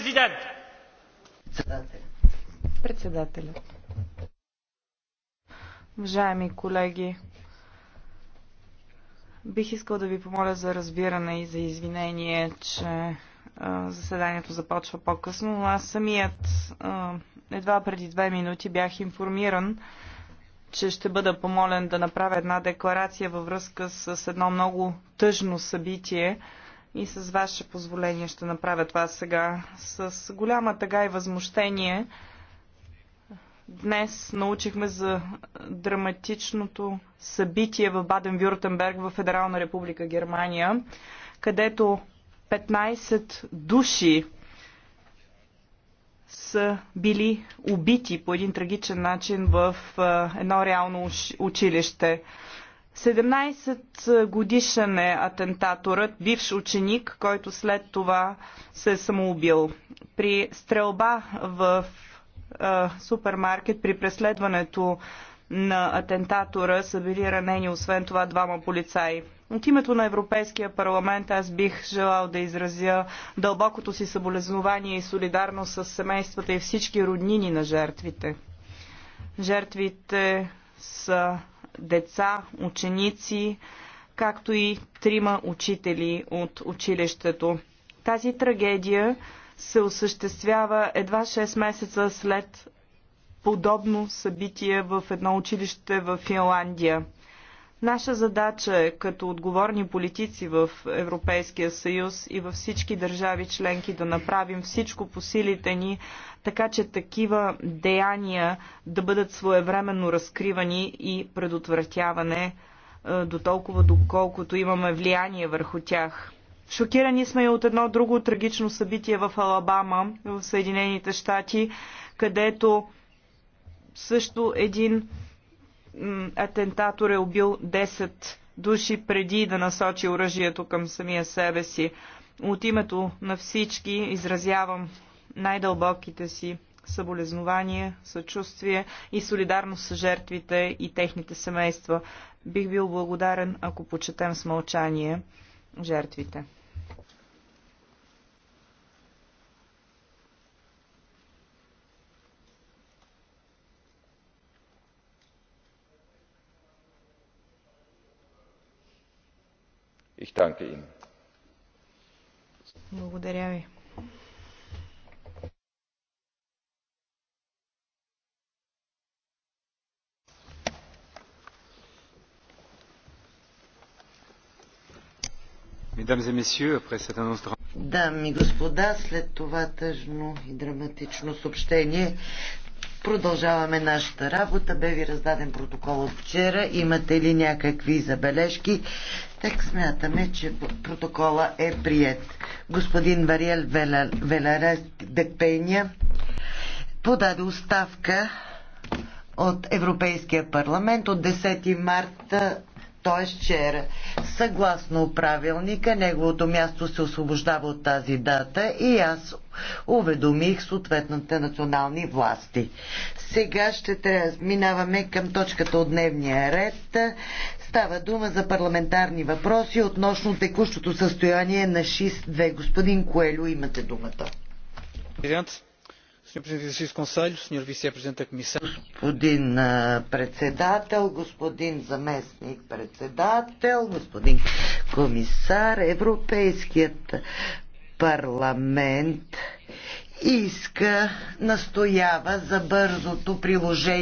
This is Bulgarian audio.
президент! Председателя. Уважаеми колеги, бих искал да ви помоля за разбиране и за извинение, че заседанието започва по-късно, но аз самият едва преди две минути бях информиран, че ще бъда помолен да направя една декларация във връзка с едно много тъжно събитие, и с ваше позволение ще направя това сега. С голяма тъга и възмущение днес научихме за драматичното събитие в Баден-Вюртенберг в Федерална република Германия, където 15 души са били убити по един трагичен начин в едно реално училище. 17 годишен е атентаторът, бивш ученик, който след това се е самоубил. При стрелба в а, супермаркет, при преследването на атентатора са били ранени освен това двама полицаи. От името на Европейския парламент аз бих желал да изразя дълбокото си съболезнование и солидарност с семействата и всички роднини на жертвите. Жертвите са деца, ученици, както и трима учители от училището. Тази трагедия се осъществява едва 6 месеца след подобно събитие в едно училище в Финландия. Наша задача е като отговорни политици в Европейския съюз и във всички държави членки да направим всичко по силите ни, така че такива деяния да бъдат своевременно разкривани и предотвратяване е, до толкова доколкото имаме влияние върху тях. Шокирани сме и от едно друго трагично събитие в Алабама, в Съединените щати, където също един атентатор е убил 10 души преди да насочи оръжието към самия себе си. От името на всички изразявам най-дълбоките си съболезнования, съчувствие и солидарност с жертвите и техните семейства. Бих бил благодарен, ако почетем с мълчание жертвите. Ich danke Ihnen. Благодаря ви. Дами и господа, след това тъжно и драматично съобщение Продължаваме нашата работа. Бе ви раздаден протокол от вчера. Имате ли някакви забележки? Так смятаме, че протокола е прият. Господин Вариел Веларес Депеня подаде оставка от Европейския парламент от 10 марта, т.е. вчера. Съгласно правилника, неговото място се освобождава от тази дата и аз уведомих съответните национални власти. Сега ще минаваме към точката от дневния ред. Става дума за парламентарни въпроси относно текущото състояние на ШИС-2. Господин Коелю, имате думата. Президент, Господин председател, господин заместник председател, господин комисар, Европейският парламент иска, настоява за бързото приложение